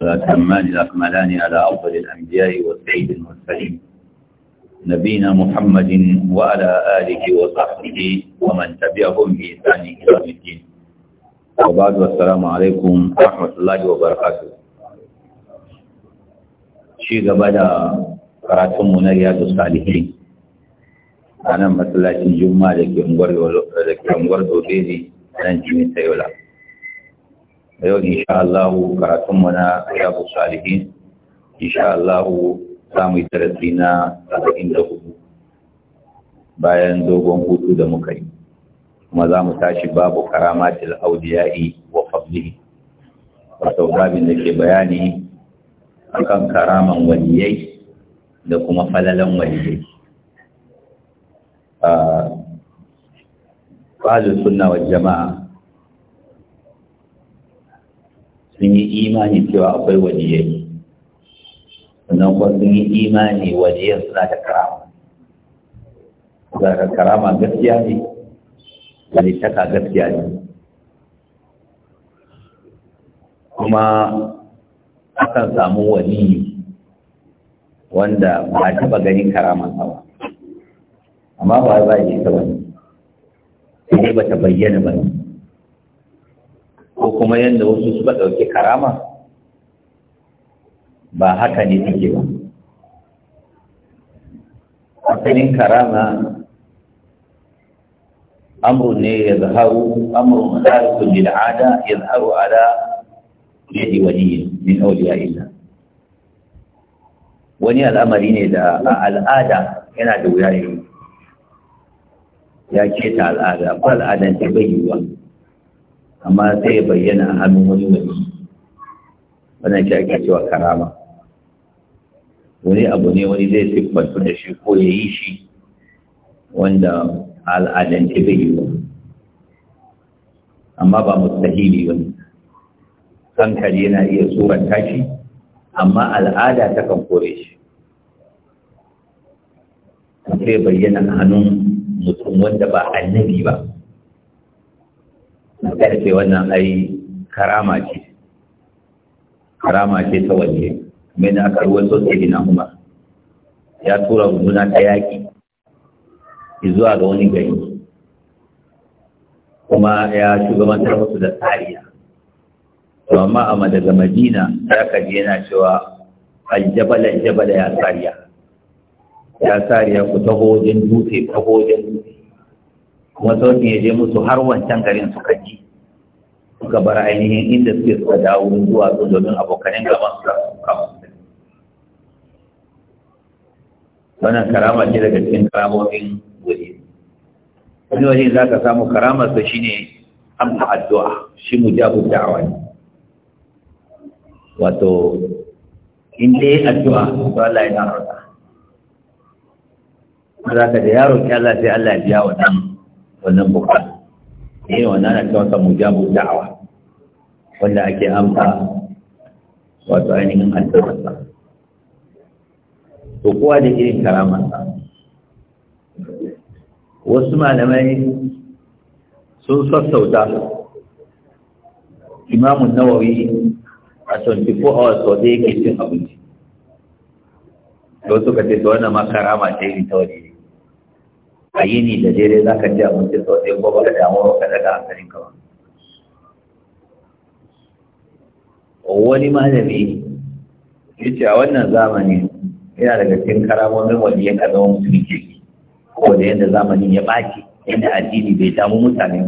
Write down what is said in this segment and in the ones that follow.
فأتمان الأكملان على أفضل الأنبياء والسيد المرسلين نبينا محمد وعلى آله وصحبه ومن تبعهم بإحسان إلى يوم الدين وبعد والسلام عليكم ورحمة الله وبركاته شيء قبل قراتم من رياض الصالحين أنا مثلا جمعة لكي أنقر دوبيني أنا جميل سيولا yau insha Allah karatun mana na Riyadu Salihin insha Allah za mu yi darasi na hudu bayan dogon hutu da muka yi kuma za mu tashi babu karamatil audiya'i wa fadlihi wato babin da ke bayani akan karaman waliyai da kuma falalan waliyai a ah, suna wa jama'a sun yi imani cewa akwai waliyai sannan kuma sun yi imani waliyai suna da karama suna da karama gaskiya ne wani taka gaskiya ne kuma akan samu wani wanda ba taba ganin karama ba amma ba za a yi ta wani sai ba ta bayyana ba ne ko kuma yadda wasu suka ɗauki karama ba haka ne take ba asalin karama amru ne ya zaharu amru mazarikun lil'ada ya zaharu ala yadi wani min auliya illa wani al'amari ne da al'ada yana da wuya yi ya keta al'ada ko al'adan ta bai yiwuwa amma sai ya bayyana a hannun wani wani wani ake ake cewa karama wani abu ne wani zai siffantu da shi ko ya yi shi wanda al'adance bai yi ba amma ba mustahili ba kankari yana iya tsoron shi amma al'ada ta kan kore shi sai bayyana hannun mutum wanda ba annabi ba ya ce wannan ai karama ce karama ce ta waje mai da aka ruwa sosai na umar ya tura runduna ta yaƙi zuwa ga wani gari kuma ya shugabantar musu da tsariya amma amma daga madina ya kaji yana cewa Aljabala, aljabal ya tsariya ya tsariya ku taho wajen dutse taho wajen dutse kuma sautin ya je musu har wancan garin suka ji suka bar ainihin inda suke suka dawo zuwa su domin abokanin gaban su kama wannan karama ce daga cikin karamomin wuri wani waje za ka samu karamarsa shi ne amma addu'a shi mu mujabu da'awa ne wato in dai addu'a to Allah ya rasa za ka da yaro ki Allah sai Allah ya biya wa wannan bukatu ne wannan mu ja mujabu da'awa wanda ake amsa wato ainihin addu'arsa to kowa da irin karamarsa wasu malamai sun sassauta imamun nawawi a 24 hours sau da yake cin abinci da wasu ka ce ta wannan ma karama ce ta wani a yi ni da dare za ka ji abinci sau ɗaya ko ba ka damuwa ka daga hankalin ka ba wani malami ya ce a wannan zamani yana daga cikin karamomin waliyan ka zama mutumin keke, ko da yadda zamanin ya ɓaci yadda addini bai damu mutane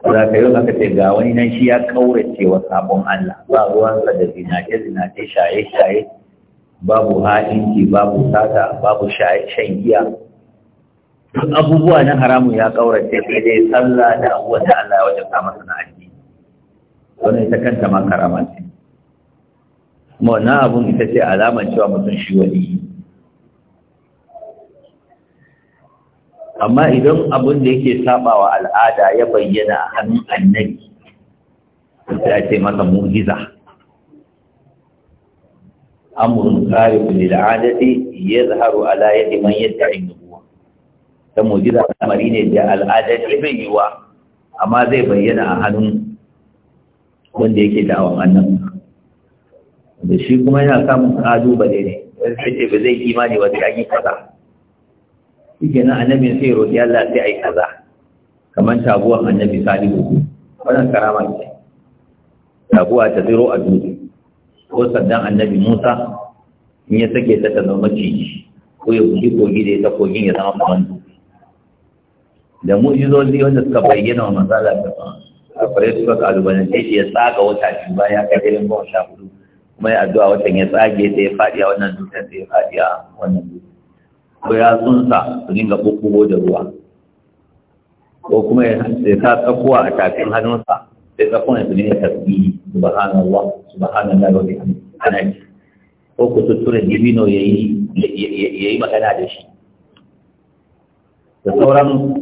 ba za ka yi ce ga wani nan shi ya kaurace wa sabon Allah ba ruwansa da zinace zinace shaye shaye babu ha'inci babu sata babu shan giya duk abubuwa na haramun ya ce sai dai sallah da abubuwan da Allah wajen wajabta masa na aji wannan ita kanta ma karama ce kuma wannan abun ita ce alamar cewa mutum shi wani amma idan abun da yake sabawa al'ada ya bayyana a hannun annabi sai a ce masa mu'jiza amrun qarib lil adati yadhharu ala yadi man yad'i ta mujiza al'amari ne da al'adar yi yiwa amma zai bayyana a hannun wanda yake dawon annan da shi kuma yana samun ƙalubale ne wani sai ba zai imani ba sai an kaza shi nan annabin sai roƙi Allah sai a yi kaza kamar taguwan annabi salihu wannan karama ce taguwa ta zero a dutse ko sandan annabi musa in ya sake ta ta zama ciki ko ya buji kogi da ya ta kogin ya zama kamar da mu'izozi wanda suka bayyana wa matsala ta ba a kwarai suka kalubalance shi ya tsaga wata shi ba ya kai irin goma sha hudu kuma ya addu'a watan ya tsage ta ya faɗi a wannan dutsen ta ya faɗi a wannan dutsen ko ya tsunsa su dinga ɓuɓɓugo da ruwa ko kuma ya sa tsakuwa a tafin hannunsa sai tsakuwa su dinga tasbihi subhanallah subhanallah wa bihamdihi ana ji ko ku tuttura dibino ya yi magana da shi da sauran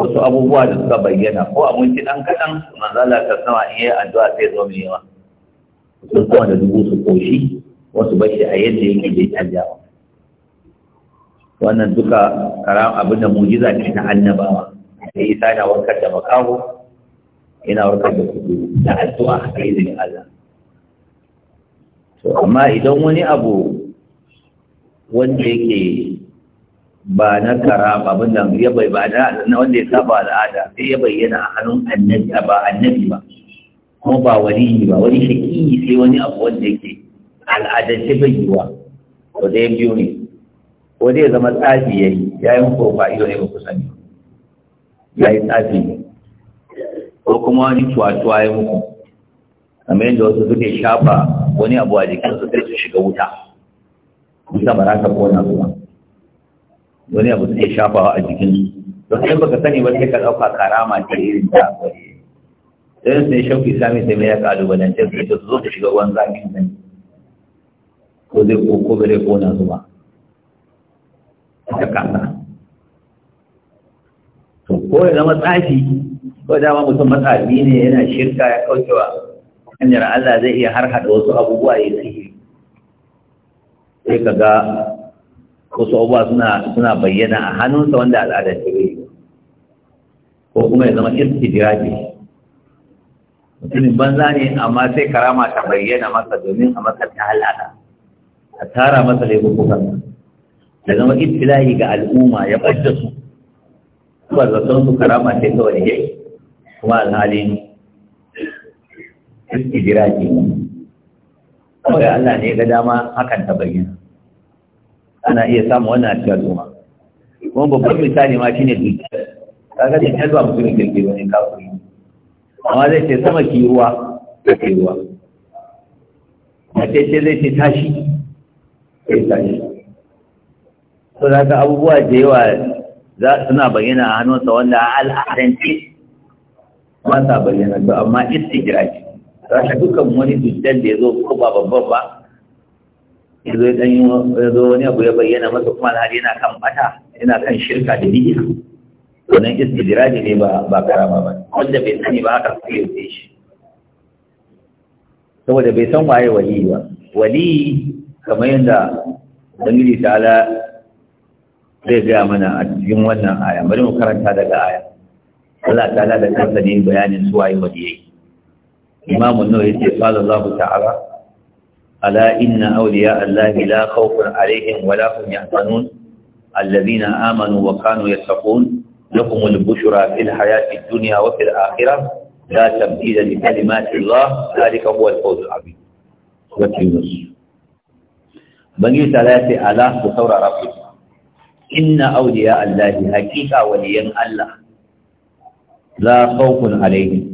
wasu abubuwa da suka bayyana ko abinci ɗan kaɗan manzala ta sama iya addu'a sai zo mai yawa sun sama da dubu su koshi wasu bashi a yadda yake bai canjawa wannan duka karam abin da mujiza ke na annabawa sai isa na warkar da makaho yana warkar da kudu da addu'a a izinin Allah to amma idan wani abu wanda yake ba na kara ba abin da ya bai ba na wanda ya saba al'ada sai ya bayyana a hannun annabi ba annabi ba kuma ba wani ba wani shaki sai wani abu wanda yake al'adance bai yiwa to da biyu ne ko zai zama tsafi ya yi ya yi muku ba ido ne ba ku sani ya yi tsafi ne ko kuma wani tuwa-tuwa ya muku kamar yadda wasu suke shafa wani abu a jikinsu sai su shiga wuta wuta ba za ka kona su ba wani abu suke shafawa a jikinsu don sai baka sani ba sai ka ɗauka karama ta irin ta wani sai sai ne shauki sami sai mai ya nan sai su zo ka shiga ruwan zafin nan ko zai ko ko bare ko na zuwa ta kasa to ko ya zama tsafi ko da ma mutum matsafi ne yana shirka ya kaucewa hanyar Allah zai iya har wasu abubuwa ya sihiri sai ka ga wasu abubuwa suna suna bayyana a hannunsa wanda al'adar ta bai ko kuma ya zama istidiraji mutumin banza ne amma sai karama ta bayyana masa domin a masa ta halala a tara masa laifukan da zama ibtilahi ga al'umma ya bada su kuma zaton su karama sai kawai yayi kuma alhalin kuma ga Allah ne ga dama hakan ta bayyana ana iya samu wannan a cikin al'umma kuma babban misali ma shine dukkan kaga da yanzu ba mutum kirki wani kafin amma zai ce sama ki ruwa ta ke ruwa a ce zai ce tashi sai tashi to za ka abubuwa da yawa suna bayyana a hannunsa wanda al'adance ba sa bayyana to amma istijiraji za ka dukkan wani dukkan da ya zo ko ba babban ba ya dan zo wani abu ya bayyana masa kuma alhali yana kan bata yana kan shirka da bid'a wannan istidraji ne ba ba karama ba wanda bai sani ba haka sai ya shi saboda bai san waye wali ba wali kamar yadda dangiji ta ala zai gaya mana a cikin wannan aya bari mu karanta daga aya Allah ta'ala da kansa ne bayanin su waye wali yayi imamu nawawi ce sallallahu ta'ala ألا إن أولياء الله لا خوف عليهم ولا هم يحزنون الذين آمنوا وكانوا يتقون لهم البشرى في الحياة الدنيا وفي الآخرة لا تبديل لكلمات الله ذلك هو الفوز العظيم سورة يونس بني ثلاثة آلاف بثورة ربكم إن أولياء الله حقيقة وليا الله لا خوف عليهم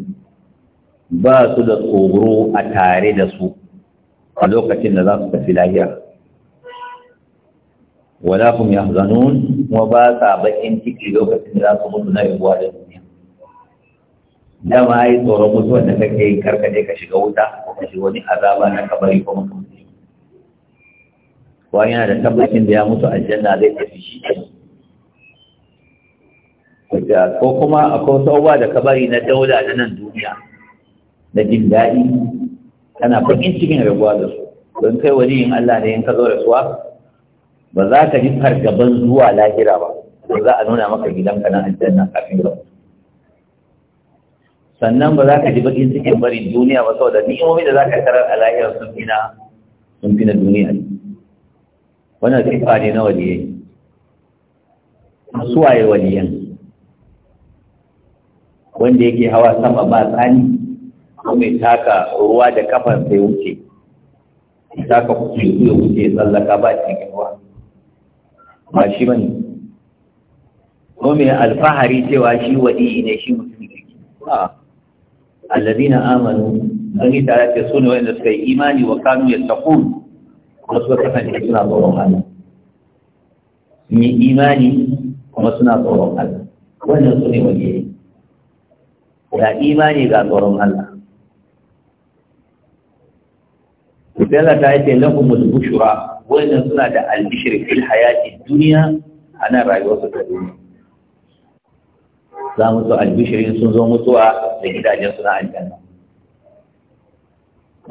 ba su da tsoro a tare da su a lokacin da za su tafi lahiya. wala ya zanu kuma ba sa bakin ciki lokacin da za su mutu na yabuwa da duniya dama ai tsoron mutuwar da kake yi karkade ka shiga wuta ko ka shiga wani azaba na kabari ko mutum ko yana da tabbacin da ya mutu a janna zai tafi shi ko kuma akwai wasu da kabari na daula na nan duniya na jin daɗi kana bakin cikin rabuwa da su don kai wani yin Allah ne in ka zo da suwa ba za ka ji fargaban zuwa lahira ba ba za a nuna maka gidanka na aljanna kafin ba. sannan ba za ka ji bakin cikin barin duniya ba saboda ni'imomi da za ka tarar a lahira sun fi na sun fi na duniya wannan sifa ne na waliyai suwaye waliyan wanda yake hawa sama ba tsani mai taka ruwa da kafan sai wuce taka kuku ya wuce tsallaka ba cikin ruwa ba shi ba ne ko mai alfahari cewa shi waɗi ne shi mutum kirki a allazina amanu an yi tare da su ne wanda suka yi imani wa kanu ya taku kuma suka kasance suna tsoron Allah sun yi imani kuma suna tsoron Allah wannan su ne waje Ya imani ga tsoron Allah sai Allah ta yace lahu bushra wannan suna da albishir fil hayati duniya ana rayuwar su ta dunya za mu so albishirin sun zo mutuwa da gidajen suna aljanna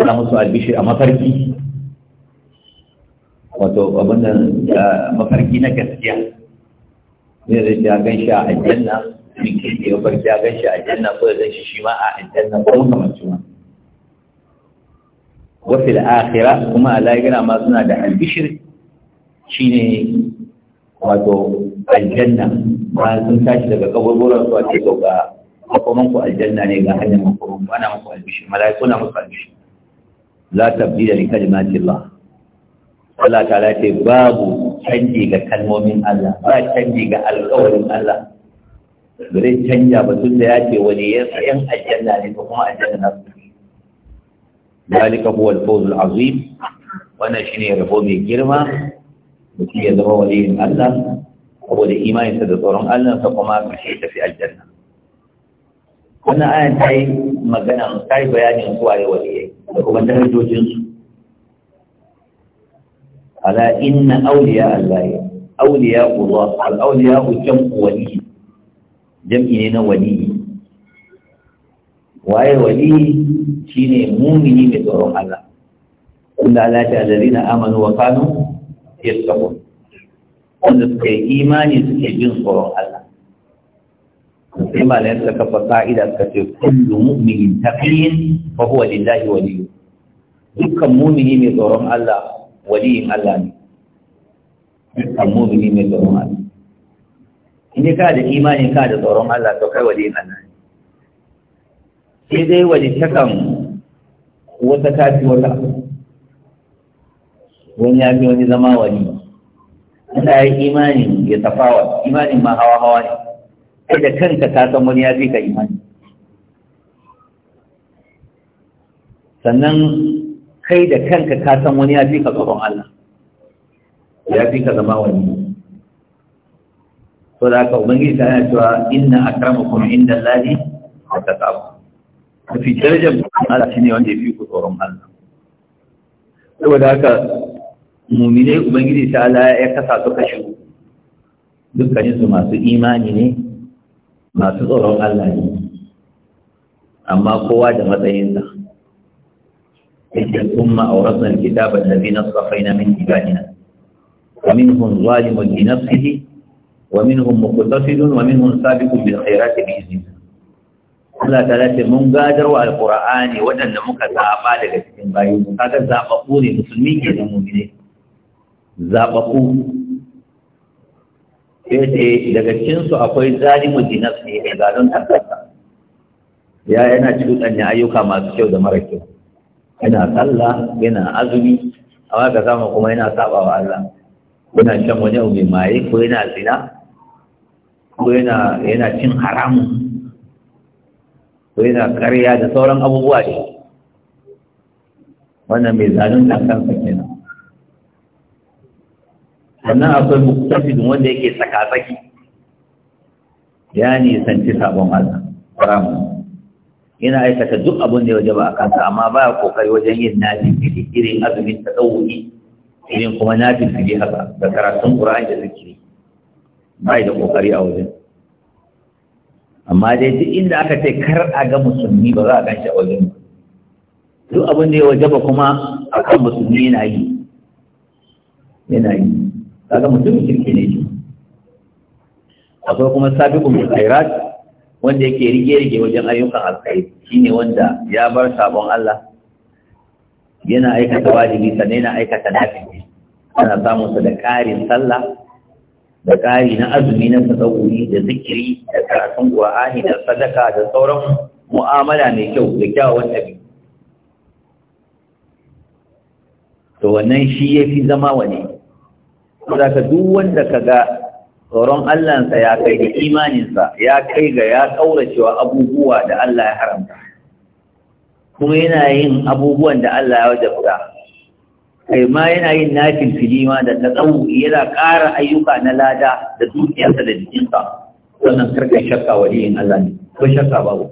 za mu so albishir a mafarki wato abin da mafarki na gaskiya ne da ya gan shi a aljanna ne ke ya farki ya gan shi a aljanna ko da shi shi ma a aljanna ko kamar shi wa da akira kuma a ma suna da albishir shi ne wato aljanna ba sun tashi daga kaburburan su a ce ga makoman ku aljanna ne ga hanyar makoman ku ana maku albishir mala'iku na maku albishir la da rikar mati Allah Allah Ta lafi babu canji ga kalmomin Allah ba canji ga alƙawarin Allah ba canja ba tun da ya ce wani ya aljanna ne ko kuma aljanna na su ذلك هو الفوز العظيم wannan shine rabo mai girma mutum ya zama waliyin Allah saboda imaninsa da tsoron Allah sa kuma ka kashe tafi aljanna wannan ayan ta yi magana ta yi bayanin wani waliyai da kuma darajojinsu ala inna auliya Allah auliya Allah al auliya jam'u wali jam'i ne na wali waye wali shine mumini mai tsoron Allah inda Allah ta alladina amanu wa kanu yattaqun wanda suka yi imani suke jin tsoron Allah sai malayan suka kafa ka'ida suka ce kullu mu'minin taqiyin fa huwa lillahi wali dukkan mumini mai tsoron Allah waliyin Allah ne dukkan mumini mai tsoron Allah in ka da imani ka da tsoron Allah to kai waliyin Allah sai dai takan wata tafi wata wani ya fi wani zama wani ina ya yi imanin ya tafawa imanin ma hawa hawa ne kai da kanka ka san wani ya fi ka imani sannan kai da kanka ka san wani ya fi ka tsoron Allah ya fi ka zama wani Ko da haka ubangiji ta yana cewa inna akramakum inda Allahi wa taqakum mafi darajar Allah ne wanda ya fi ku tsoron Allah saboda haka muminai ubangiji ta Allah ya kasa su kashi dukkanin su masu imani ne masu tsoron Allah ne amma kowa da matsayinsa yake kuma auratan kitaban nabi nasafaina min ibadina ومنهم ظالم لنفسه ومنهم مقتصد bin سابق بالخيرات بإذن الله Allah ta lafi mun gadar wa alƙur'ani waɗanda muka zaɓa daga cikin bayu. mu kaga zaɓaɓɓu ne musulmi ke da ne. zaɓaɓɓu sai ce daga su akwai zalimu su ne ga don kankansa ya yana cuɗanya ayyuka masu kyau da mara kyau yana sallah yana azumi amma ka samu kuma yana saɓa wa Allah yana shan wani abu mai maye ko yana zina ko yana cin haramun ko yana ƙarya da sauran abubuwa ne wannan mai zanen da sake kenan sannan akwai muktafidin wanda yake tsaka-tsaki ya nisanci sabon Allah ramu yana aikata duk abin da ya waje ba a kansa amma ba ya kokari wajen yin nafi fili irin azumin ta ɗauki irin kuma nafi fili haka da karatun ƙura'an da zikiri ba da kokari a wajen amma dai duk inda aka ce kar a ga musulmi ba za a gan shi a wajen duk abin da ya waje ba kuma a kan musulmi yana yi yana yi ga mutum kirki ne shi akwai kuma sabiqun bil khairat wanda yake rige-rige wajen ayyukan alkhairi shine wanda ya bar sabon Allah yana aikata wajibi sannan yana aikata nafi ana samun sa da ƙarin sallah da ƙari na azumi na tasawuri da zikiri da karatun wa'ani da sadaka da sauran mu'amala mai kyau da kyawun ɗabi to wannan shi ya fi zama wane za ka duk wanda ka ga tsoron Allahnsa ya kai da imaninsa ya kai ga ya ƙauracewa abubuwa da Allah ya haramta kuma yana yin abubuwan da Allah ya wajabta kai ma yana yin nafin filima da tsawo yana ƙara ayyuka na lada da dukiyarsa da jikinsa wannan karkar shakka waliyin Allah ne ko shakka babu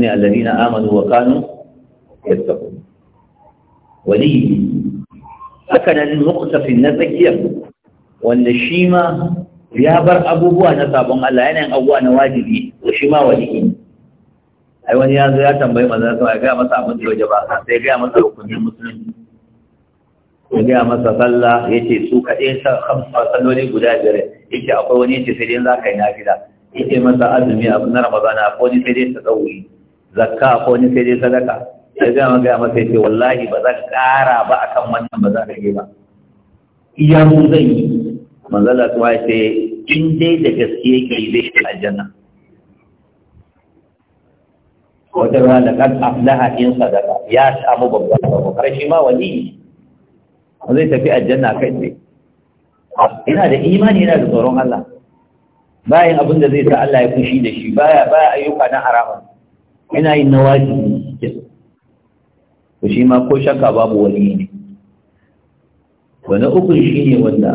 ne na amanu wa kanu yattaqun wali aka nan muqtafin na Tsakiyar. wanda shi ma ya bar abubuwa na sabon Allah yana yin abubuwa na wajibi to shi ma waliyi ai wani ya zo ya tambayi manzon sa ya ga masa abin da ya ba sai ya ga masa hukuncin musulunci ya gaya masa sallah ya ce su kaɗai salloli guda biyar ya ce akwai wani ya ce sai dai za ka yi nafila ya ce masa azumi a na ramadana akwai wani sai dai ta tsauri zakka akwai wani sai dai sadaka ya gaya gaya masa ya ce wallahi ba za ka ƙara ba a kan wannan ba za ka yi ba iya mu zai yi manzala kuma ya ce in dai da gaske yake zai shi aljanna wata rana da kan aflaha in sadaka ya samu babban babu karshe ma wani ba zai tafi aljanna kai tsaye ina da imani yana da tsoron Allah bayan abin da zai sa Allah ya kushi da shi baya baya ayyuka na harama ina yin na wajibi to shi ma ko shakka babu wani ne wani uku shi ne wanda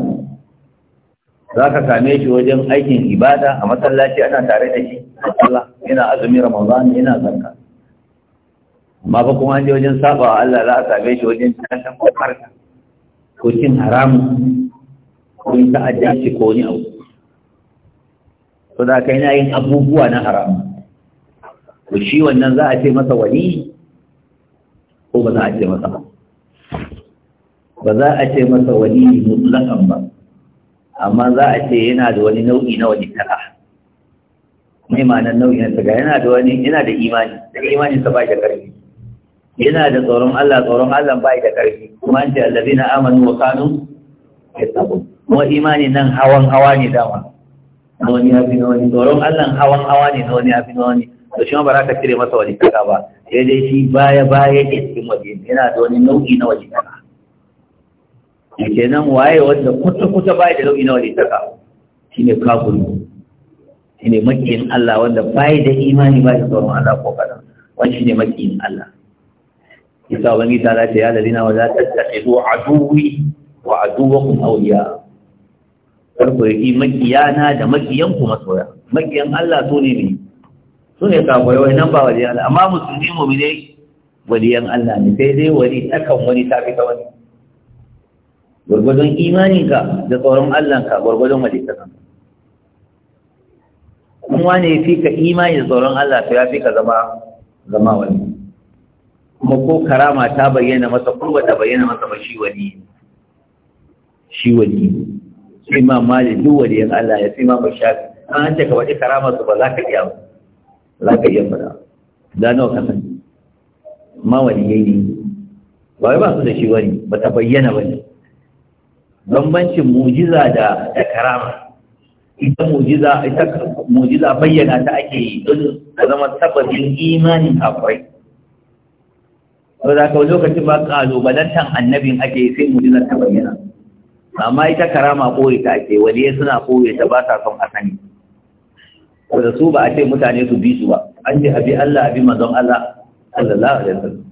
za ka same shi wajen aikin ibada a masallaci ana tare da shi Allah ina azumi ramadan ina zakka amma ba kuma an je wajen saba Allah za a same shi wajen tashin kokarta ko cin haramu ko yin shi ko ni abu to da kai na yin abubuwa na haramu ko shi wannan za a ce masa wani, ko ba za a ce masa ba za a ce masa wani mutlakan ba amma za a ce yana da wani nau'i na wani tara mai ma'anar nau'i na tsaga yana da wani yana da imani da imanin ba shi karfi yana da tsoron Allah tsoron Allah bai da ƙarfi kuma an ce allazina amanu wa kanu yattaqun kuma imani nan hawan hawa ne dama na wani ya fi na wani tsoron Allah hawan hawa ne na wani ya fi na wani to shi ma ba za ka cire masa wani kaka ba sai dai shi baya baya ke cikin waje yana da wani nau'i na waje kaka nan waye wanda kuta kuta baya da nau'i na waje kaka shine Shi ne makiyin Allah wanda bai da imani bai da tsoron Allah ko kaɗan. wani shi ne makiyin Allah isa wani ta lati ya lalina wa za ta tafi aduwi wa aduwakum awliya farko yi makiyana da makiyan ku masoya makiyan Allah so ni ne so ne kafirai wai nan ba waliyan Allah amma musulmi wali waliyan Allah ni. sai dai wali takan wani tafi ta wani gwargwadon imaninka da tsoron Allahnka gwargwadon walittakanka kuma ne fi ka imani da tsoron Allah to ya fi ka zama zama wani kuma ko karama ta bayyana masa ko ta bayyana masa ba shi wani shi wani sai ma mali duk wani yan Allah ya sai ma ba shafi an ce ka wani karama su ba za ka iya ba za ka iya ba da nawa ka sani ma wani yayi ba wai ba su da shi wani ba ta bayyana ba ne bambancin mujiza da da karama ita mujiza ita mujiza bayyana ta ake yi don ta zama tabbacin imanin akwai sau da kawai lokacin ba kalubalantan annabin ake yi sai mujizar ta bayyana amma ita karama koyi ta ake ya suna koyi ta ba sa son a sani ko da su ba a ce mutane su bi su ba an ce abi Allah abi manzon Allah sallallahu alaihi wasallam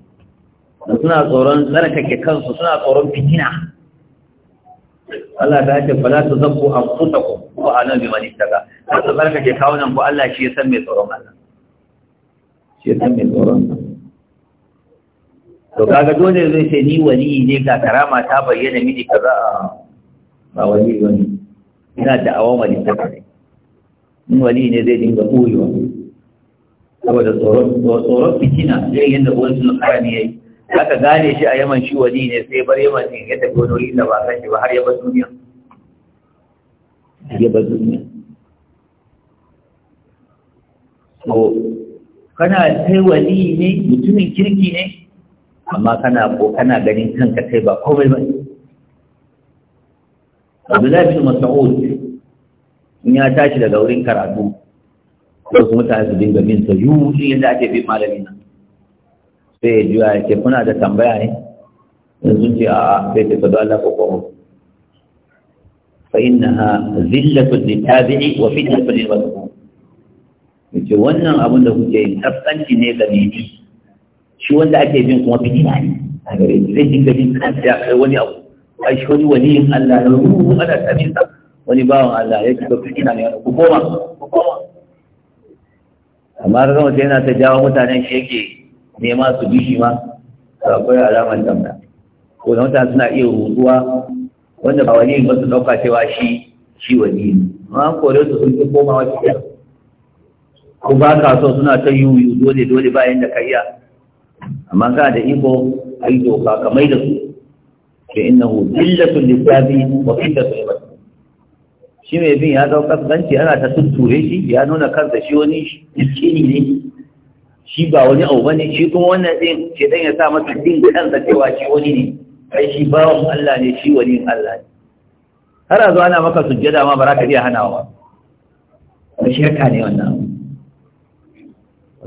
suna tsoron tsarkake kansu suna tsoron fitina Allah ta ce fala tu zabbu anfusakum wa ana bi man ittaka sai barka ke kawo nan ko Allah shi ya san mai tsoron Allah shi ya san mai tsoron allah? to kaga dole zai ce ni wali ne ga karama ta bayyana mini kaza ba wali wani ina da awon wali ta kare ni wali ne zai dinga koyo saboda tsoron fitina zai yadda wani suna kara ne yayi aka gane shi a yaman shi wali ne sai bar yaman ne yadda gono yi da ba kan shi ba har yaba duniya yaba duniya to kana sai wali ne mutumin kirki ne amma kana ko kana ganin kanka kai ba komai ba Abdullahi bin Mas'ud ya tashi daga wurin karatu wasu mutane su dinga min sa yuji yadda ake bin malami nan sai ya juya ya ce kuna da tambaya ne yanzu ce a sai ce sadu Allah ko komo fa ha zillatu litabi'i wa fitnatu lil mas'ud yace wannan abin da kuke yi kaskanci ne ga ni shi wanda ake bin kuma fitina ne a gare shi zai dinga jin kansa ya kai wani abu ai shi wani wani yin Allah na ruhu ana tamin sa wani bawan Allah ya shiga fitina ne ku koma ku koma amma kaga sai yana ta jawo mutanen shi yake nema su bi shi ma akwai alamar damna ko da mutane suna iya rutuwa wanda ba wani ba su dauka cewa shi shi wani ne amma kore su sun fi komawa cikin ko ba ka so suna ta yuyu dole dole bayan da ka iya amma ka da iko ai doka ka mai da su ke innahu dillatul lisabi wa fitatu ba shi mai bin ya zau kasance ana ta tunture shi ya nuna kansa shi wani iskini ne shi ba wani abu bane shi kuma wannan din ke dan ya sa masa din kansa cewa shi wani ne kai shi bawan Allah ne shi wani Allah ne har a zo ana maka sujjada ma ba za ka iya hanawa ba shirka ne wannan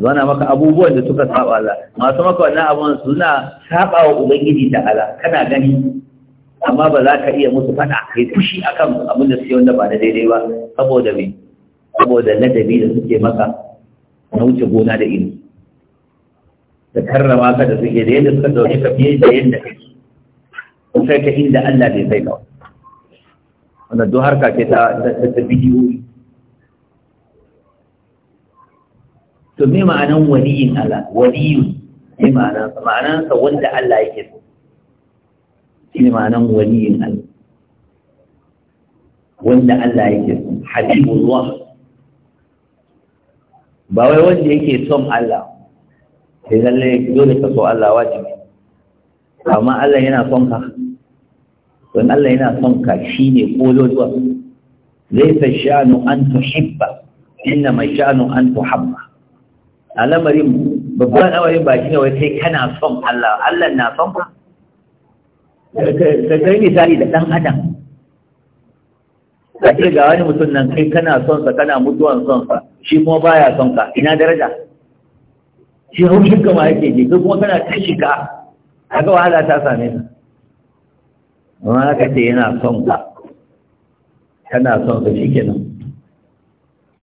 zana maka abubuwan da suka saba Allah masu maka wannan abun suna saba wa ubangiji ta ala kana gani amma ba za ka iya musu fada kai fushi akan abin da suke wanda ba da daidai ba saboda me saboda ladabi da suke maka na wuce gona da ilimi da karrama ka da suke da yadda suka dauke ka fiye da yadda kake sai kai ka inda Allah bai kai ka wannan duk harka ke ta ta bidiyoyi to me ma'anan waliyin Allah waliyu ne ma'anansa ma'anan wanda Allah yake so shi ma'anan waliyin Allah wanda Allah yake so habibullah ba wai wanda yake son Allah sai lalle dole ka so Allah wajibi amma Allah yana son ka don Allah yana son ka shine kololuwa laysa sha'nu an tuhibba inna mai sha'nu an tuhabba al'amarin babban awarin ba shi ne wai sai kana son Allah Allah na son ba. ka kai misali da ɗan adam a ce ga wani mutum nan kai kana son sa kana mutuwan son sa shi kuma baya son ka ina daraja shi haushin ka ma yake ji kai kuma kana kashi ka haka wahala ta same ka amma ka ce yana son ka kana son ka kenan.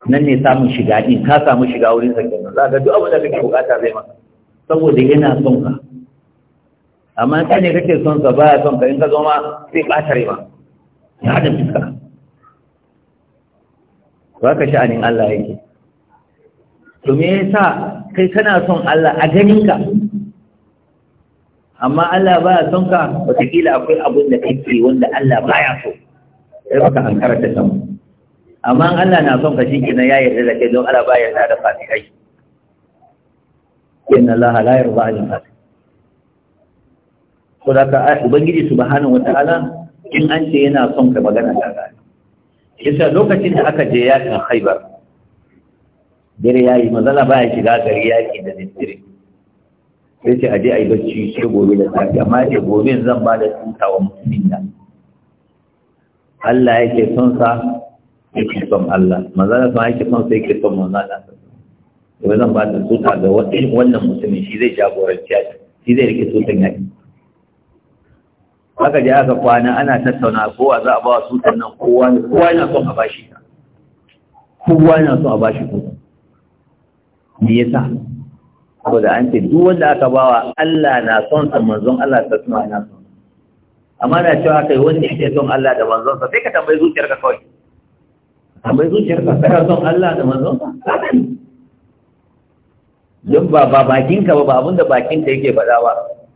nan ne samun shiga din ka samu shiga wurin sa kenan za ka duk abin da kake bukata zai maka saboda yana son ka amma kai ne kake son ka baya son ka in ka zama ma sai bata rai ba ya da fiska. ba ka sha'anin Allah yake to me yasa kai kana son Allah a ganin ka amma Allah ba ya son ka kila akwai abin da kake wanda Allah baya so sai baka ankara ta kanmu amma Allah na son ka shike na yayi da kai don Allah baya da fasikai inna Allah la yarda an fasik ko da ka ubangiji subhanahu wataala in an ce yana son ka magana da Allah yasa lokacin da aka je yakin Khaibar dare yayi mazala baya shiga gari yaki da dare sai ce aje ai bacci sai gobe da safi amma ce gobe zan ba da tsintawa musulmi Allah yake son sa yake son Allah manzana sun haƙi son sai yake son manzana yau zan ba da tuta ga wannan mutumin shi zai jagoranci yaƙi shi zai rike tutan yaƙi haka je aka kwana ana tattauna kowa za a ba wa tutan nan kowa ne kowa yana son a bashi ta kowa yana son a bashi tutan me yasa saboda an ce duk wanda aka bawa Allah na son sa manzon Allah ta suna na son amma na cewa kai wanda yake son Allah da manzon sa sai ka tambayi zuciyarka kawai amma zuciyar ka kana son Allah da manzon sa don ba ba bakin ka ba ba abin da bakin ka yake faɗa ba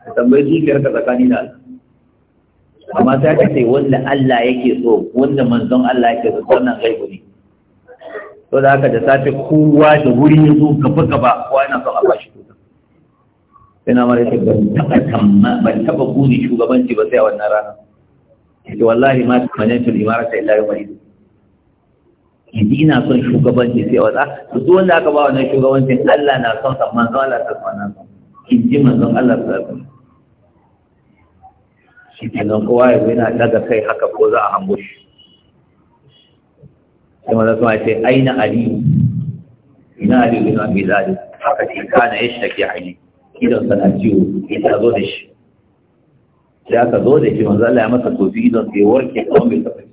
ka tambayi zuciyar ka tsakani da Allah amma ta ce wanda Allah yake so wanda manzon Allah yake so wannan gaibu ne to da haka da safe kowa da wuri ya zo gaba gaba kowa yana son a bashi kuta Ina na mara ce ban taba tamma ban taɓa burin shugabanci ba sai a wannan rana ce wallahi ma kamar yankin imara ta ilayen wani yanzu ina son shugabanci sai wata to duk wanda aka ba wannan shugabancin Allah na son sa manzon Allah ta son nan in ji manzon Allah ta son shi kenan kowa ya yana daga kai haka ko za a hango shi sai manzon sama ce aina ali ina ali ina abi zalim haka shi kana take ali idan sana ciwo ita zo da shi sai aka zo da shi manzon Allah ya masa tofi idan sai warke kuma bai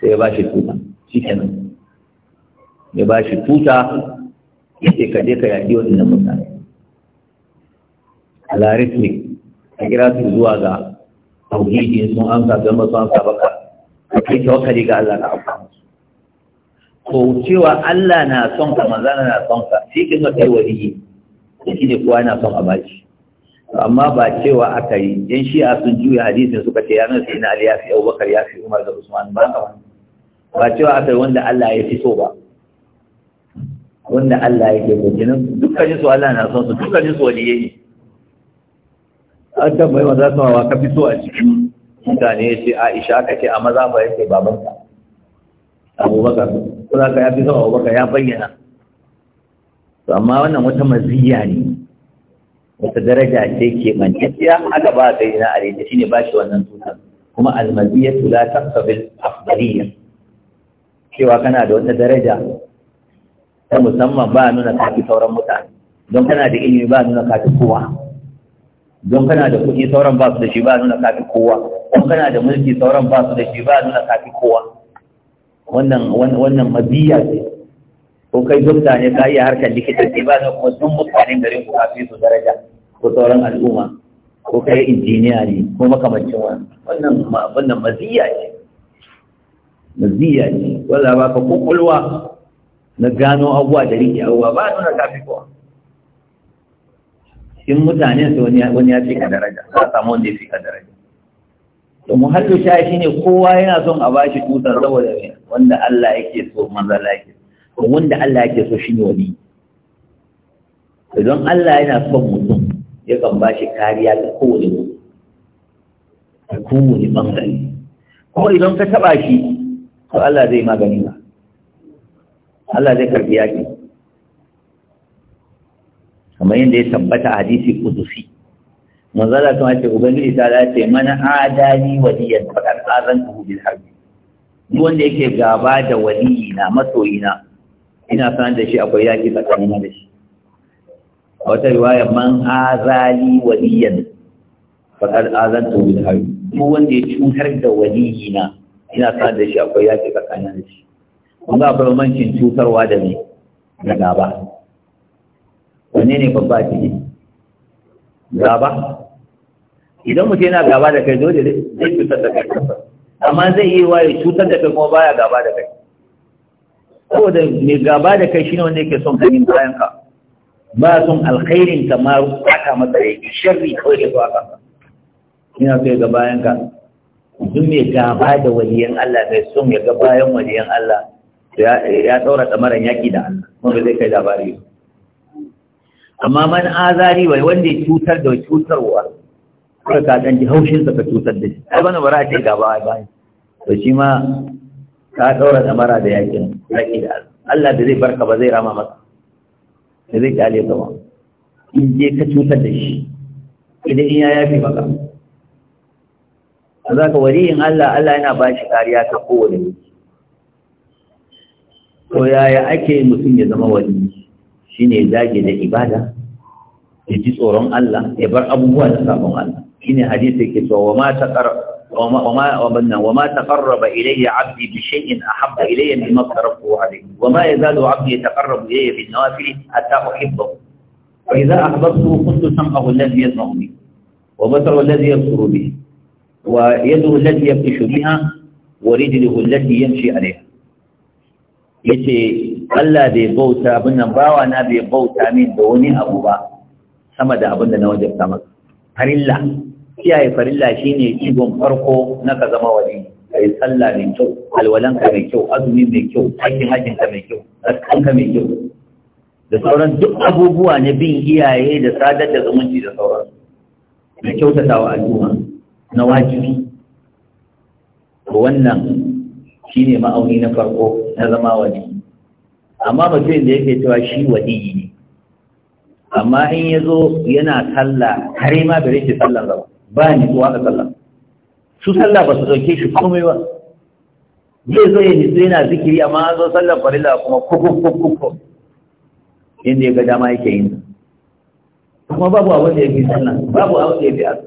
sai ya ba shi tuta shi kenan ya ba shi tuta ya ce ka je ka yaƙi waɗannan mutane alaritmic a kira su zuwa ga tauhidi sun amsa don masu amsa baka a kai wakari ga Allah na amsa Ko cewa Allah na son ka manzana na son ka shi ke mata yi da shi ne kowa na son a bashi amma ba cewa aka yi yan shi'a sun juya hadisin suka ce yanar sai na Ali ya fi Abubakar ya fi Umar da Usman ba ka wani ba cewa aka yi wanda Allah ya fi so ba wanda Allah ya ke kokinin dukkanin su Allah na son su dukkanin su waliye ne an tambayi maza su wa ka fi so a cikin mutane ya ce Aisha aka ce a maza ba yake babanka Abubakar kuma ka ya fi sama Abubakar ya bayyana to amma wannan wata maziya ne wata daraja ce ke mantaciya aka ba sai na arewa shine ba shi wannan tutar kuma almaziyatu la taqsabil afdaliyya cewa kana da wata daraja ta musamman ba nuna kafi sauran mutane don kana da ilimi ba nuna kafi kowa don kana da kuɗi sauran ba su da shi ba nuna kafi kowa don kana da mulki sauran ba su da shi ba nuna kafi kowa wannan wannan mabiya ce ko kai dokta ne ka iya harkar likitanci ba na kuma duk mutanen garin ku kafi su daraja ko sauran al'umma ko kai injiniya ne ko makamancin wannan wannan maziya ce ziya ce wanda ba ka kukulwa na gano abuwa da rike abuwa ba nuna kafi kowa in mutane su wani ya fi ka daraja za a samu wanda ya fi ka daraja to muhallu sha shi ne kowa yana son a bashi tutar saboda ne wanda Allah yake so manzala yake to wanda Allah yake so shi ne wani idan Allah yana son mutum yakan bashi kariya ga kowane mutum da kowane bangare kuma idan ka taɓa shi to Allah zai magani ba Allah zai karbi yaki kamar yadda ya tabbata a hadisi kudusi manzala kuma ce ubangiji ta da ce mana adani waliyan faqad ku bil harbi duk wanda yake gaba da waliyina masoyina ina san da shi akwai yaki tsakanin da shi a wata riwaya man azali waliyan faqad ku bil harbi duk wanda ya cutar da waliyina ina sa da shi akwai yaƙi tsakanin da shi kun ga akwai mancin cutarwa da ne da gaba wanne ne babba ciki gaba idan mutum yana gaba da kai dole zai cutar da kai amma zai yi waye cutar da kai kuma baya gaba da kai saboda mai gaba da kai shine wanda yake son kanin bayan ka ba son alkhairin kamar ma aka masa yake sharri kawai da zuwa kanka ina so ya ga bayan ka duk mai gaba da waliyan Allah mai son ya ga bayan waliyan Allah ya ɗaura tsamaran yaƙi da Allah wanda zai kai labari amma man azari wai wanda ya cutar da cutarwa Kuma ka ɗan ji haushin ka cutar da shi ai bana bara ce gaba ai bayan to shi ma ka ɗaura tsamara da yaƙin yaƙi da Allah Allah da zai barka ba zai rama maka da zai kyale ka ba in je ka cutar da shi idan in ya yafi maka za ka waliyin Allah Allah yana ba shi kariya ta kowane to yaya ake mutum ya zama wali shi ne zage da ibada ya ji tsoron Allah ya bar abubuwa da sabon Allah shi ne hadisi ke cewa wa ma taqarraba ilayya abdi bi shay'in ahabba ilayya mimma taqarrabu alayhi wa ma yazalu abdi yataqarrabu ilayya bin nawafil hatta uhibbahu fa idza ahbabtuhu kuntu sam'ahu alladhi yasma'u bihi wa basarahu ويده التي يبطش بها ورجله التي يمشي عليها yace Allah bai bauta abin nan bawa na bai bauta min da wani abu ba sama da abin da na wajen sama farilla kiyaye farilla shine igon farko na ka zama wali kai sallah mai kyau alwalanka mai kyau azumi mai kyau aikin hajjinka mai kyau zakkanka mai kyau da sauran duk abubuwa na bin iyaye da sadar da zumunci da sauran da kyautata wa al'umma na wajibi ko wannan ne ma'auni na farko na zama wani. amma mutum da yake cewa shi waliyi ne amma in ya zo yana sallah kare ma bere rike sallah ba ba ni kuwa ka sallah su sallah ba su dauke shi komai ba zai zo ya nitsu yana zikiri amma an zo sallar farilla kuma kukukukukuk inda ya ga dama yake yin kuma babu abu da ya fi sallah babu abu da ya fi azu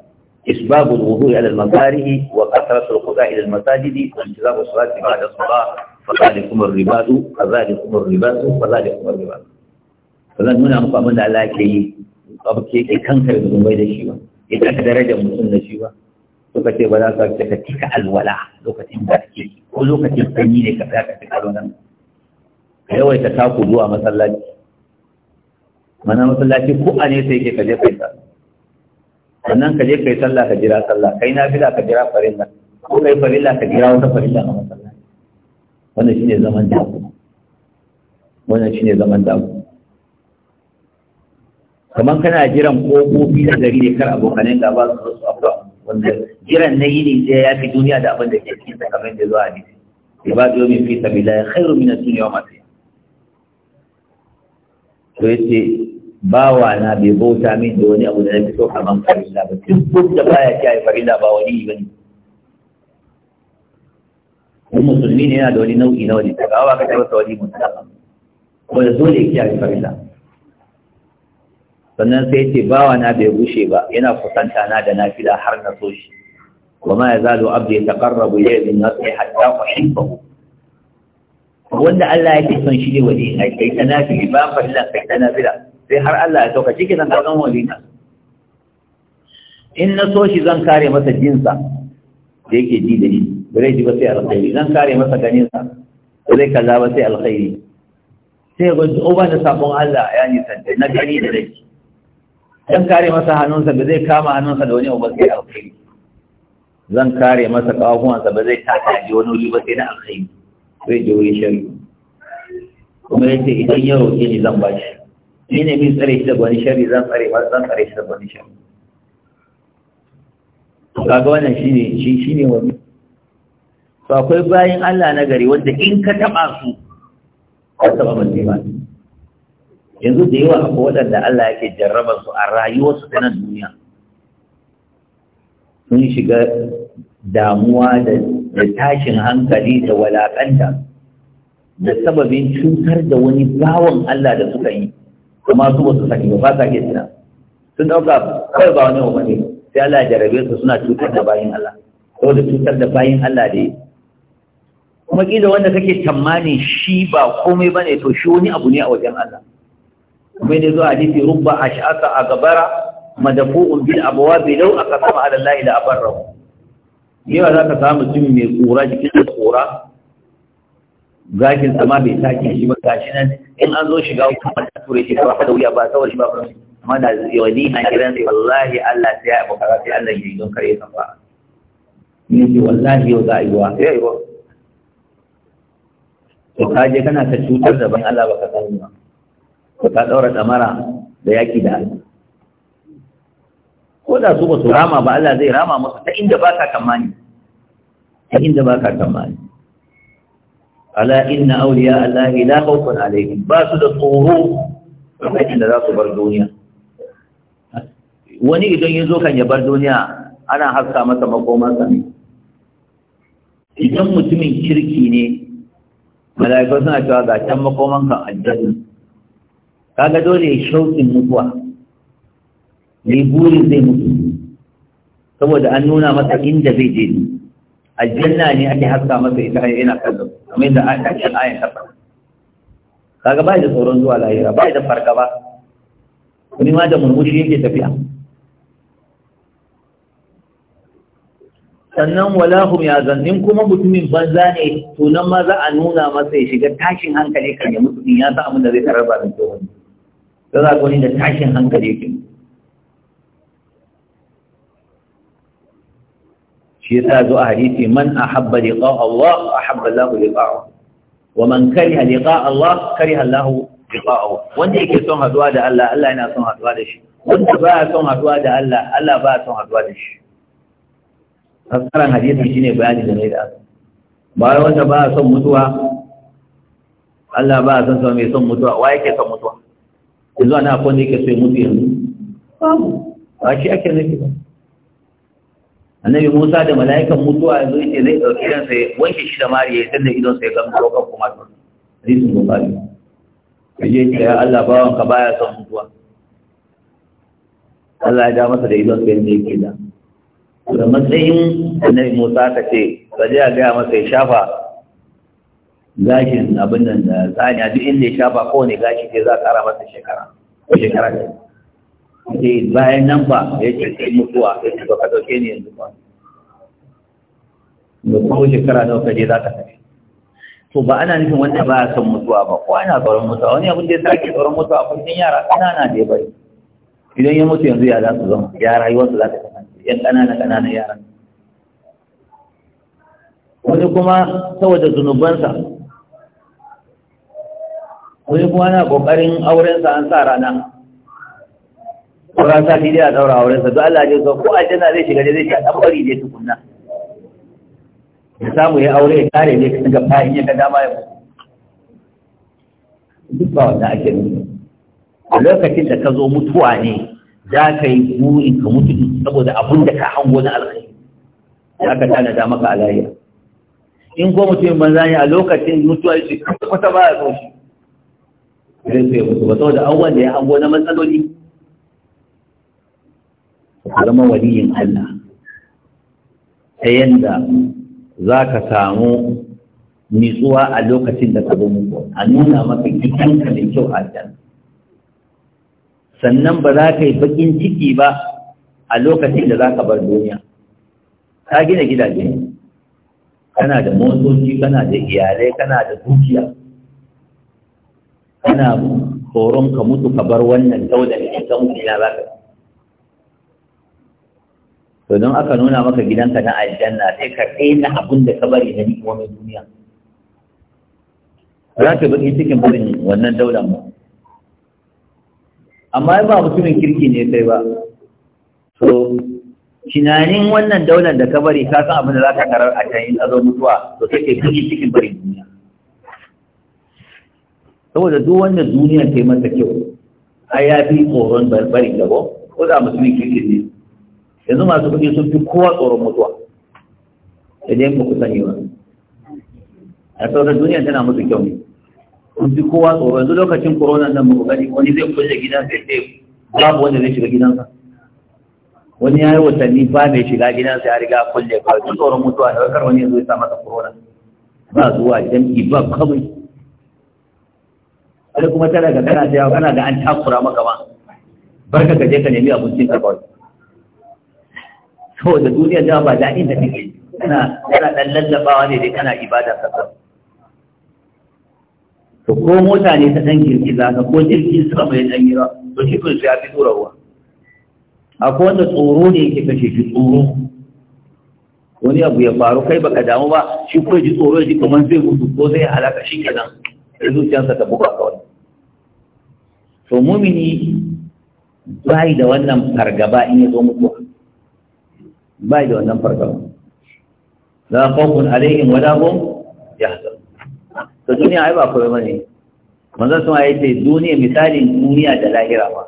إسباب الوضوء على المكاره وكثرة القضاء إلى المساجد وانتظام الصلاة بعد الصلاة فذلكم الرباد فذلكم الرباط فذلكم الرباط sannan nuna muku abin da Allah ke yi abu ke ke kankar zunubai da shi ba Idan ka daraja mutum da shi ba ka ce ba za ce ka alwala lokacin da ko lokacin sanyi ne ka tsaya ka ka taku zuwa masallaci mana masallaci ko a sai ke ka je kai sannan ka je kai sallah ka jira sallah kai nafila ka jira farilla ko kai farilla ka jira wata farilla a masallaci wannan shine zaman dago wannan shine zaman dago kamar kana jiran kofofi da gari ne kar abokanai da ba su su abuwa wanda jiran na yini sai ya fi duniya da abin da ke cikin kamar da zuwa ne ya ba da min fi sabila ya khairu min ad-dunya wa ma fiha to yace bawa na bai bauta min da wani abu da na fito kaman farilla ba duk da baya kiyaye farilla ba wani ba ne kuma musulmi ne yana da wani nau'i na wani daga awa ka tabbata wani musulman kuma da dole kiyaye farilla sannan sai ce bawa na bai gushe ba yana kusanta na da nafila har na so shi وما يزال عبدي يتقرب إليه بالنصح حتى أحبه wanda Allah yake son shi ne wani, ai kai ta nafi ba farilla kai ta nafila sai har Allah ya tauka shi nan karɓar walina in na so shi zan kare masa jinsa da yake ji da shi ba zai ji ba sai alkhairi zan kare masa ganinsa ba zai kaza ba sai alkhairi sai ga uba da sabon Allah ya nisanta na gani da rai zan kare masa hannunsa ba zai kama hannunsa da wani abu sai alkhairi zan kare masa kawahuwansa ba zai ta kaji wani wuri ba sai na alkhairi zai ji wuri shari'a kuma yace idan ya roƙe ni zan ba shi ni ne min tsare shi da gwani shari zan tsare ba zan tsare shi da gwani shari kaga wannan shine shi ne wani to akwai bayin Allah na gari wanda in ka taba su ka taba ban ba yanzu da yawa akwai wadanda Allah yake jarraba su a rayuwarsu ta nan duniya sun shiga damuwa da tashin hankali da walakanta da sababin cutar da wani bawan Allah da suka yi Kuma su ba su sani ba sa iya tuna sun dauka kawai ba wani umarni sai Allah ya jarabe su suna cutar da bayin Allah saboda cutar da bayin Allah da kuma kila wanda kake tamani shi ba komai bane to shi wani abu ne a wajen Allah kuma ne zuwa hadisi rubba ash'aka a gabara madafu'un bil abwab law aqsama ala Allah la abarra yawa zaka samu mutum mai kura jikin kura gashin sama bai sake shi ba gashi nan in an zo shiga kuma ta ture shi ba da wuya ba kawai shi ba ba amma da yawani na kiran sai wallahi Allah sai ya yi bukara sai Allah ya yi don kare ka ba ni ce wallahi yau za a yi wa sai yi wa to ka je kana ta cutar da ban Allah baka sani ba ko ka daura damara da yaki da Allah ko da su ba su rama ba Allah zai rama musu ta inda baka kamani ta inda ka kamani ala inna awliya allahi la khawfun alaihim ba su da tsoro lokacin da za su bar duniya wani idan ya zo kan ya bar duniya ana haska masa makomansa ne idan mutumin kirki ne mala'ikan suna cewa ga can makomanka aljanna kaga dole shauƙin mutuwa mai burin zai mutu saboda an nuna masa inda zai je aljanna ne ake haska masa ita ai ina kallon kamar yadda a cikin ayan ta fara kaga ba da tsoron zuwa lahira ba da farka ba wani ma da murmushi yake tafiya sannan wala hum ya zannin kuma mutumin banza ne to nan ma za a nuna masa ya shiga tashin hankali kan ya mutu ya sa abin da zai tarar ba da tsoron da za ka wani da tashin hankali yake mutu shi yasa zo a hadisi man ahabba liqa Allah ahabba Allah liqa'ahu wa man kariha liqa Allah kariha Allah liqa'ahu wanda yake son haduwa da Allah Allah yana son haduwa da shi wanda ba ya son haduwa da Allah Allah ba ya son haduwa da shi tsaron hadisi shine bayani da ne da ba wanda ba ya son mutuwa Allah ba a san sama mai son mutuwa wa yake son mutuwa yanzu ana akwai da yake so ya mutu yanzu babu ba shi ake nufi ba annabi musa da mala'ikan mutuwa ya zo yace zai ɗauki ransa ya wanke shi da mariya ya sanda idonsa ya gama rokan kuma to hadisin bukari ya je ce ya allah bawan ka baya son mutuwa allah ya ja masa da idon idonsa ya ke da da matsayin annabi musa ka ce ba zai gaya masa ya shafa gashin abin nan da tsaniya duk inda ya shafa kowane gashi sai za a kara masa shekara shekara ɗaya ce bayan nan ba ya ce sai mutuwa ya ce ba ka dauke ni yanzu ba da ko shekara nawa ka za ka tafi to ba ana nufin wanda ba ya son mutuwa ba ko ana tsoron mutuwa wani abin da ya sake tsoron mutuwa a kullum yara ƙanana da ya bari idan ya mutu yanzu ya za su zama ya rayuwarsu za ta kasance yan ƙanana ƙanana yaran wani kuma saboda zunubansa wani kuma na ƙoƙarin aurensa an sa rana sauran sati dai a daura aurensa duk Allah ya so ko aljanna zai shiga zai ci a ne tukunna ya samu ya aure ya kare ne ga gafa in ya ga dama ya duk ba wanda ake nuna a lokacin da ka zo mutuwa ne za ka yi burin ka mutu saboda abun da ka hango na alkhairi za ka tana da maka alayya in ko mutumin banza ne a lokacin mutuwa ya ce kwata ba ya zo shi zai so ya mutu ba saboda an wanda ya hango na matsaloli ka zama waliyin Allah ta yadda za ka samu nitsuwa a lokacin da ka zo muku a nuna maka gidanka mai kyau a can sannan ba za ka yi bakin ciki ba a lokacin da za ka bar duniya ka gina gidaje kana da motoci kana da iyalai kana da dukiya kana tsoron ka mutu ka bar wannan dauda da ina za ka to don aka nuna maka gidanka na aljanna sai ka daina abin da ka bari na mai duniya za ka baki cikin barin wannan daular mu amma ba mutumin kirki ne kai ba to tunanin wannan daular da ka bari ka san abin da za ka karar a can yin ka zo mutuwa to sai ka baki cikin barin duniya saboda duk wannan duniyar ta yi masa kyau ai ya fi tsoron barbari gaba ko za mutumin kirki ne yanzu masu kuɗi sun fi kowa tsoron mutuwa da dai ba ku sani ba a sauran duniya tana musu kyau ne sun fi kowa tsoron. yanzu lokacin corona nan muku gani wani zai kulle gidan sai sai babu wanda zai shiga gidansa wani ya yi watanni ba mai shiga gidansa ya riga kulle ba su tsoron mutuwa da wakar wani yanzu ya sa masa corona ba zuwa jam'i ba kawai wani kuma tana ga kana da kana da an takura maka ma barka ka je ka nemi abincin ka kawai da duniyar da ba daɗin da take kana kana dan lallabawa ne dai kana ibada ka kawai to ko mota ne ta dan girgiza ka ko jirgi suka mai dan gira to shi kun ya fi tsorawa akwai wanda tsoro ne yake kashe shi tsoro wani abu ya faru kai baka damu ba shi ko ji tsoro ji kamar zai mutu ko zai halaka shi kenan sai zuciyarsa ta buga kawai to mumini bai da wannan fargaba in ya zo mutuwa ba da wannan fargaban la khawfun alaihim wa la hum yahzanun to duniya ai ba ba ne manzo sun ayi ce duniya misalin duniya da lahira ba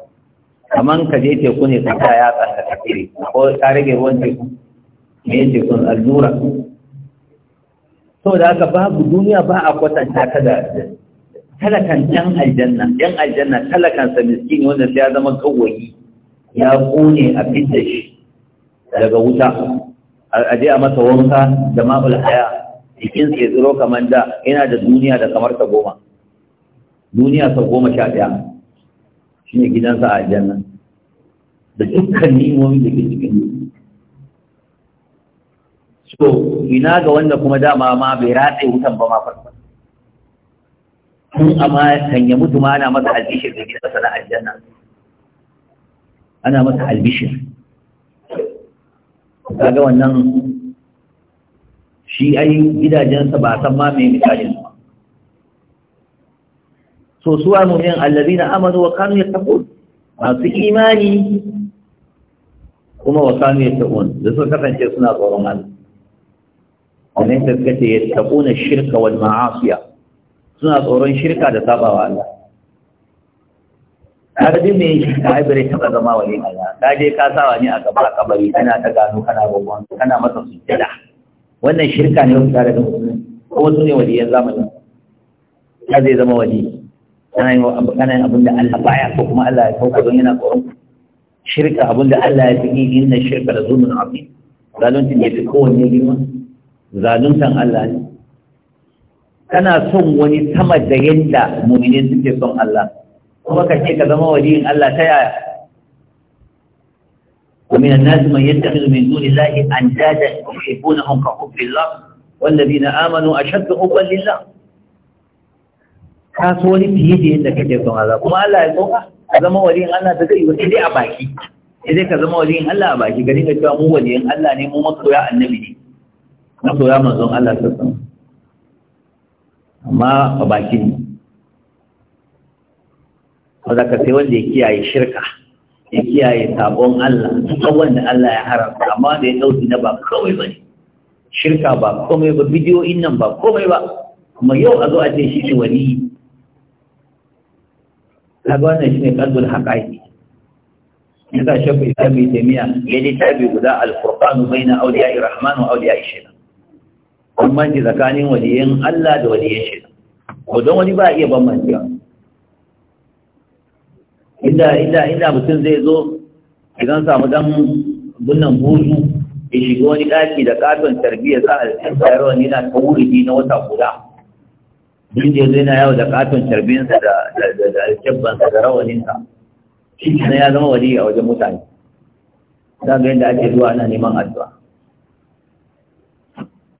kaman ka je teku ne ka ta ya ka kafiri ko ka rage ruwan teku me yake kun allura saboda haka babu duniya ba a kwatanta ta da talakan yan aljanna yan aljanna talakan sa miskini wanda sai ya zama kawai ya kone a fitar shi daga wuta a je a masa wanka da ma'ul haya jikin sai tsiro kamar da yana da duniya da kamar ta goma duniya sau goma sha ɗaya shi ne gidansa a aljanna da dukkan nimomi da ke cikin so ina ga wanda kuma dama ma bai ratse wutan ba ma farko tun amma kan ya mutu ma ana masa albishir da gidansa na aljanna ana masa albishir kaga wannan shi ai gidajensa ba san ma mai misalin su so suwa mu'min allazina amanu wa kanu yattaqun masu imani kuma wa kanu yattaqun da suka kasance suna tsoron Allah wannan ta tafi na shirka wal ma'asiya suna tsoron shirka da sabawa Allah kaga din me yake da ai bare taba zama wani Allah ka je ka sawa ne a gaba a kabari kana ta gano kana roƙon kana masa sujjada wannan shirka ne wanda daga musulmi ko wasu ne waliyan zamani ka zai zama wali kana yin kana abin da Allah baya ko kuma Allah ya sauka don yana tsoron shirka abin da Allah ya fi yi inna shirka la zulmun azim zalunci ne fi kowanne girma zaluntan Allah ne kana son wani sama da yadda mu'minin suke son Allah kuma ka ka zama waliyin Allah ta yaya ومن الناس من يتخذ من دون الله أندادا يحبونهم كحب الله والذين آمنوا أشد حبا لله kasuwani fiye da yadda kake son Allah kuma Allah ya so ka zama waliyin Allah da zai wuce dai a baki sai ka zama waliyin Allah a baki ga dinga cewa mu waliyin Allah ne mu masoya annabi ne masoya Allah amma a baki ne wanda ka sai wanda ya kiyaye shirka ya kiyaye sabon Allah abubuwan da Allah ya haramta amma da ya dauki na ba kawai ba ne shirka ba komai ba bidiyo nan ba komai ba kuma yau a zo a ce shi ne wani kaga wannan shi ne kalbul haƙaƙi yasa shafi islami jami'a ya littafi guda alfurqanu baina awliya rahman wa awliya shaytan kuma ji tsakanin waliyin Allah da waliyin shi. ko don wani ba iya bambancewa inda inda inda mutum zai zo idan samu dan bunnan buzu ya shiga wani daki da katon tarbiyya za a cikin tsayarwa ne na tawuri na wata guda duk da zai na yawo da katon tarbiyyarsa da da da alkebbansa da rawaninsa shi kenan ya zama wali a wajen mutane za ga yadda ake zuwa ana neman addu'a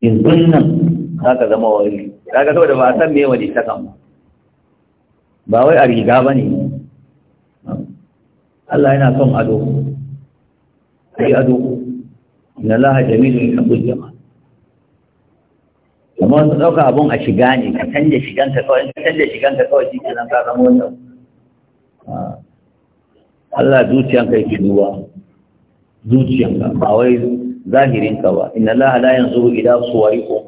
in nan za ka zama wali za ka saboda ba a san me wali ta kan ba wai a riga ba ne Allah yana son ado ai ado na laha jamilun yuhibbul jamal amma su ɗauka abun a shiga ne ka canja shigan ka kawai ka canja shigan ka kawai shike nan ka zama wannan. Ah. Allah zuciyan ka yake duba zuciyan ka ba wai zahirin ka ba inna laha la yanzu ila suwarikum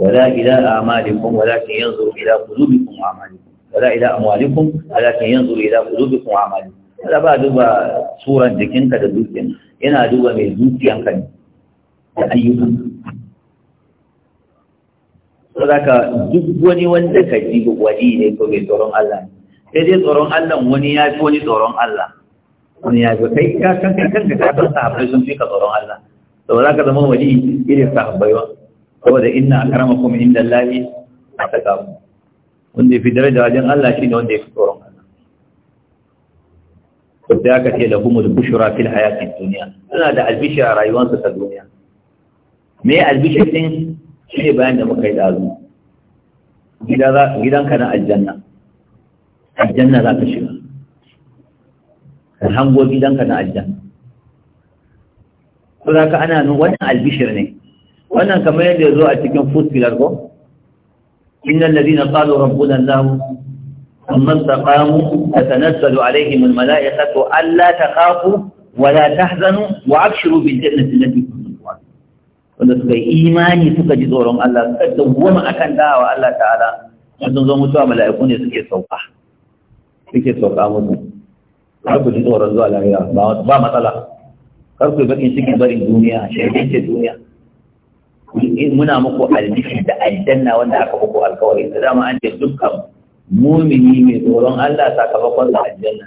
wala ila a'malikum walakin yanzu ila qulubikum wa a'malikum wala ila amwalikum walakin yanzuru ila qulubikum wa amalikum wala ba duba suran jikinka da dukiyan yana duba mai dukiyanka ne da ayyukan ka duk wani wanda ka ji wali ne ko tsoron Allah sai dai tsoron Allah wani ya fi wani tsoron Allah wani ya fi kai ka san ka san sahabbai sun fi ka tsoron Allah to ka zama wali irin ba inna akramakum indallahi ataqakum wanda ya fi daraja wajen Allah shi ne wanda ya fi tsoron Allah wadda aka ce lahumul bushra fil hayatid duniya. suna da albishir a rayuwarsu ta duniya me albishir din shine bayan da muka yi dazu gidanka na aljanna aljanna za ka shiga ka hango gidanka na aljanna ko za ka ana wannan albishir ne wannan kamar yadda ya zo a cikin food pillar ko إن الذين قالوا ربنا الله ثم استقاموا تتنزل عليهم الملائكة ألا تخافوا ولا تحزنوا وأبشروا بالجنة التي كنتم توعدون wanda suka yi imani suka ji tsoron Allah suka dawwama akan dawa Allah ta'ala sun zo mutuwa mala'iku ne suke sauka suke sauka mutu. har ku ji tsoron zuwa lahira ba matsala kar ku yi bakin cikin barin duniya shaidin ce duniya Eh, muna muku albishi da aljanna wanda aka muku alkawari da dama an ce dukkan mumini mai tsoron Allah sakamakon da aljanna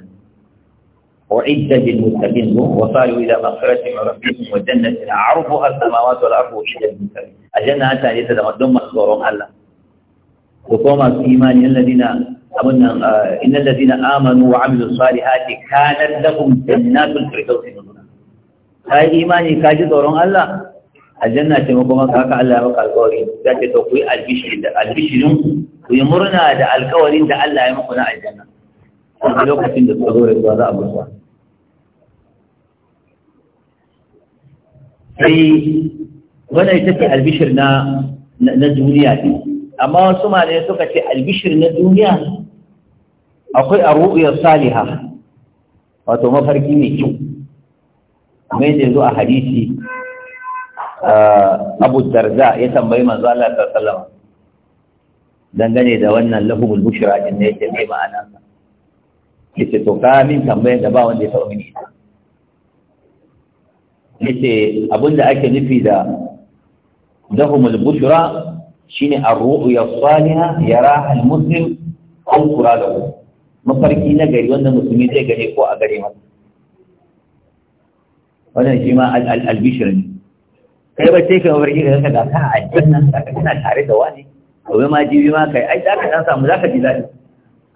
وعدة للمتقين وصاروا إلى مغفرة من ربهم وجنة عرضها السماوات والأرض وعدة للمتقين الجنة أتى ليس دم الصورون الله وقوم الإيمان الذين أمنا إن الذين آمنوا وعملوا الصالحات كانت لهم جنات الفردوس نزلا هاي إيماني كاجد ورون الله aljanna ce kuma haka Allah ya maka alƙawari za ta to ku yi albishirin da ku yi murna da alƙawarin da Allah ya maku na aljanna a lokacin da suka zo da zuwa za a bursa sai wannan ta ce albishir na duniya ne amma wasu malai suka ce albishir na duniya akwai a ru'uyar saliha wato mafarki mai kyau Mai yadda zo a hadisi abu darda ya tambayi manzo Allah sallallahu alaihi dangane da wannan lahumul bushra din ne yake mai ma'ana yace to ka min tambayar da ba wanda ya taɓa mini yace abinda ake nufi da lahumul bushra shine ar-ru'ya as yara yaraha al-muslim aw quradahu mafarki na gari wanda musulmi zai gane ko a gare masa wannan shi ma al-bishr ne kai ba ce kai mafarki ka ga ka a jannan ka kana tare da wani gobe ma jibi ma kai ai zaka dan samu zaka ji dadi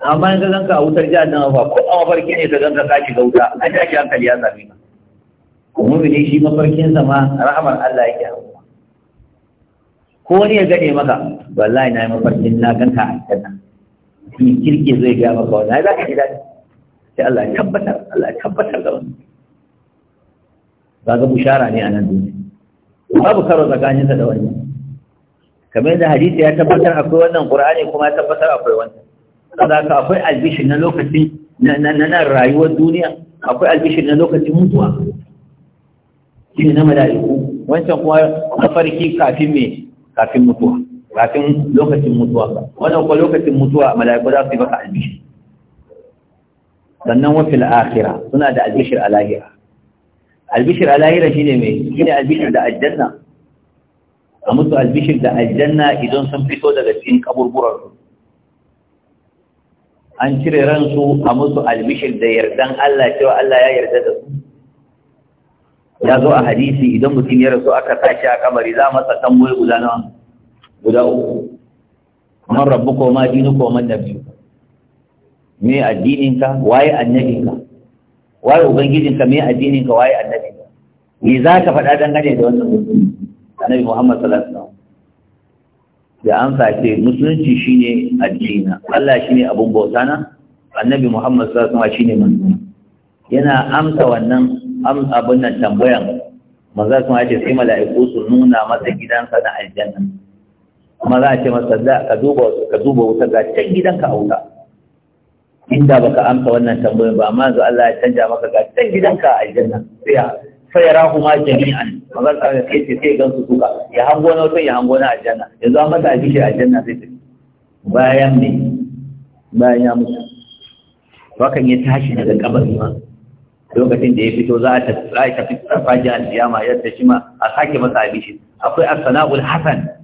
amma in ka ganka a wutar jihar nan ba ko a mafarki ne ka zanka ka ga wuta a tashi hankali ya same ka kuma ne shi mafarkin sa ma rahamar Allah yake ruwa. ko wani ya gane maka wallahi na yi mafarkin na ganka a jannan ni kirki zai ga maka wannan ai zaka ji dadi sai Allah ya tabbatar Allah ya tabbatar da wannan ga bushara ne a nan duniya babu karo tsakaninsa da wani kamar da hadisi ya tabbatar akwai wannan qur'ani kuma ya tabbatar akwai wannan saboda akwai albishi na lokacin na na rayuwar duniya akwai albishi na lokacin mutuwa shine na mala'iku wancan kuma mafarki kafin me kafin mutuwa kafin lokacin mutuwa wannan kuma lokacin mutuwa mala'iku za su yi maka albishi sannan wa fil akhirah suna da albishir a lahira albishir alahira shine mai shine albishir da aljanna a mutu albishir da aljanna idan sun fito daga cikin kaburburan an cire ransu a mutu albishir da yardan Allah cewa Allah ya yarda da su ya zo a hadisi idan mutum ya rasu aka tashi a kamari za masa tamboyi guda na guda uku man rabu ko ma dinu ko man nabiyuka me addininka waye annabinka waye ubangijin ka me addinin waye annabi me za ka faɗa dangane da wannan annabi Muhammad sallallahu alaihi wasallam ya amsa ce musulunci shine addina Allah shine abun bauta na annabi Muhammad sallallahu alaihi wasallam shine manzo yana amsa wannan abun nan tambayan manzo kuma ya ce sai mala'iku su nuna masa gidansa na aljanna kuma za a ce masa da ka duba ka duba wuta ga can gidanka a wuta inda baka amsa wannan tambayar ba amma yanzu Allah ya canja maka ga can gidanka a aljanna sai ya sai ya rahu ma jami'an maza ka sai sai sai gansu suka ya hango na wato ya hango na aljanna yanzu an masa a aljanna sai tafi bayan ne bayan ya mutu wakan ya tashi daga kabari ma lokacin da ya fito za a tafi tsafaji alkiyama yadda shi ma a sake masa abishir akwai Asana'ul hasan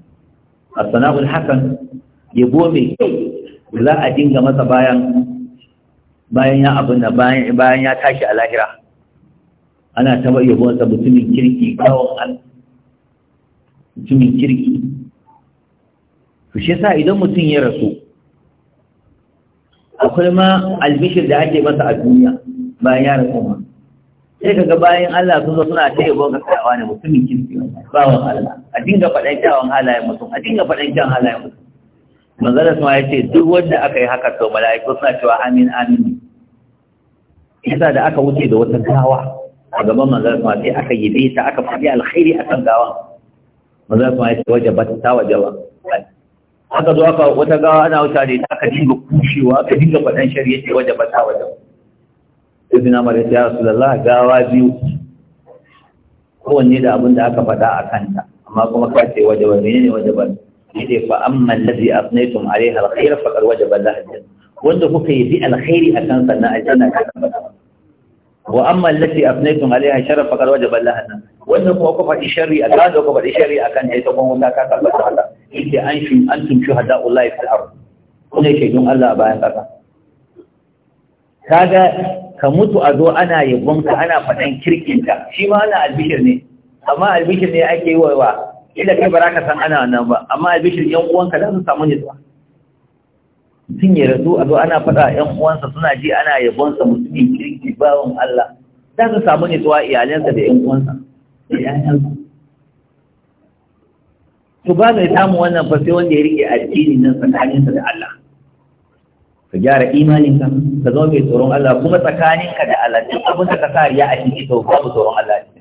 as hasan yabo mai kyau za a dinga masa bayan bayan ya abin da bayan ya tashi a lahira ana taba yabonsa mutumin kirki bawon al mutumin kirki to shi yasa idan mutum ya rasu akwai ma albishir da ake masa a duniya bayan ya rasu ma sai kaga bayan Allah sun zo suna ta yabon ka kai wani mutumin kirki bawon Allah a dinga faɗan kyawun halayen mutum a dinga faɗan kyawun halayen mutum manzala sun ya ce duk wanda aka yi haka sau mala'iku suna cewa amin amin yasa da aka wuce da wata gawa a gaban manzala suna sai aka yi bita aka faɗi alkhairi akan gawa manzala suna ya ce ba ta wajaba aka zo aka wata gawa ana wuta da ita aka dinga kushewa aka dinga faɗan shari'a ce waje ba ta wajaba sai suna mara ya ce ya rasulallah gawa biyu kowanne da abin da aka faɗa a kanta amma kuma ka ce ba menene ba ne ne fa amma allazi asnaytum alayha alkhair faqad wajaba lahu aljanna wanda kuka yi bi alkhairi akan na aljanna ka tabbata wa amma allati afnaytum alaiha sharra faqad wajaba laha an wannan kuma ku faɗi sharri a kan ku faɗi sharri akan ta kuma wanda ka tabbata Allah yake an shi antum shuhada Allah fil ard kuma yake don Allah a bayan kasa kaga ka mutu a zo ana yabon ka ana faɗan kirkin ka shi ma ana albishir ne amma albishir ne ake yi wa ila kai baraka san ana nan ba amma bishir yan uwanka za su samu nutsuwa mutum ya rasu a zo ana faɗa yan uwansa suna ji ana yabon sa mutumin kirki bawan Allah za su samu nutsuwa iyalansa da yan uwansa da to ba mai samu wannan fa sai wanda ya rike addini nan tsakaninsa da Allah ka gyara imaninka ka zama mai tsoron Allah kuma tsakaninka da Allah duk abin da ka sa riya a cikin ka babu tsoron Allah ne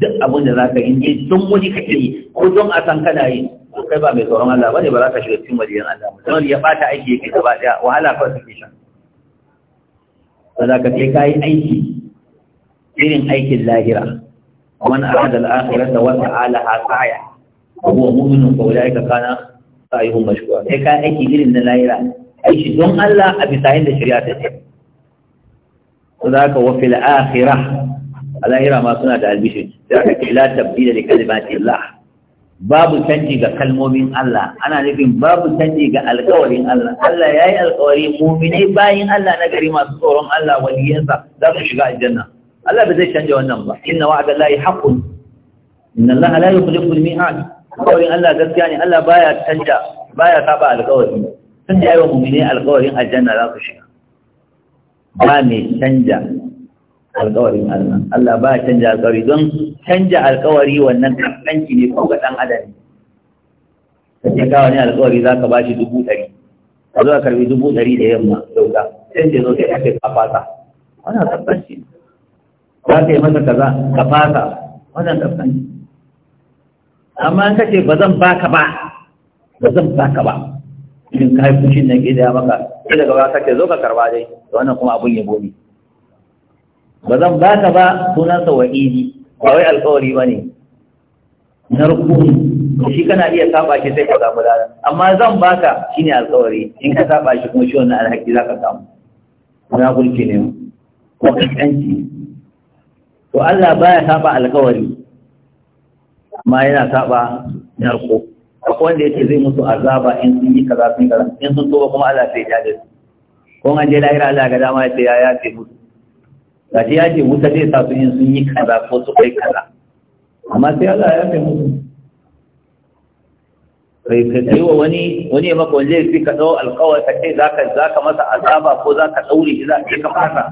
duk abin da za ka yi don wani kake yi ko don a san kana yi ko kai ba mai tsoron Allah bane ba za ka shiga cikin wajen Allah ba don ya fata aiki yake gaba daya wahala kawai suke shan ba za ka sai ka yi aiki irin aikin lahira ومن أراد Abuwa وسعى لها سعيا وهو مؤمن فأولئك كان سعيهم مشكورا sai ka aiki irin na lahira aiki don Allah a bisa da shari'a ta ce to za ka wa fil akhirah a lahira ma suna da albishin sai aka ke la tabdila li Allah. babu canji ga kalmomin Allah ana nufin babu canji ga alkawarin Allah Allah ya yi alkawari muminai bayin Allah na gari masu tsoron Allah waliyansa za su shiga aljanna Allah ba zai canja wannan ba inna wa'ada lahi haqqun inna Allah la yukhlifu al-mi'ad alkawarin Allah gaskiya ne Allah baya canja baya saba alkawari tun da yayin muminai alkawarin aljanna za su shiga ba mai canja alƙawarin Allah Allah ba canja alƙawari don canja alƙawari wannan kankanci ne ko ga ɗan adam kace ka wani alƙawari za ka bashi dubu ɗari ka zo ka karbi dubu ɗari da yamma dauka sai ce zo sai ake kafasa wannan kankanci za ka yi masa kaza kafasa wannan kankanci amma an kace ba zan baka ba ba zan baka ba ka kai fushin nan ke da maka sai daga ba ka ce zo ka karba dai wannan kuma abun yabo ne ba zan baka ba sunansa wa'idi ba wai alkawari ba ne na rukuni shi kana iya saba shi sai ka samu lada amma zan baka ne alkawari in ka saba shi kuma shi wannan alhaki za ka samu na gulki ne ko kanci to Allah baya saba alkawari amma yana saba narko akwai wanda yake zai musu azaba in sun yi kaza sun kaza in sun tuba kuma Allah sai ya jaje ko an je lahira Allah ga dama ya ce ya ce musu ga shi ya ce wuta zai sa su yin sun yi kaza ko su kai kaza amma sai Allah ya fi musu kai ka yi wa wani wani ya maka wanda zai ka dau alƙawar ka kai zaka zaka masa azaba ko zaka daure shi zaka ka fasa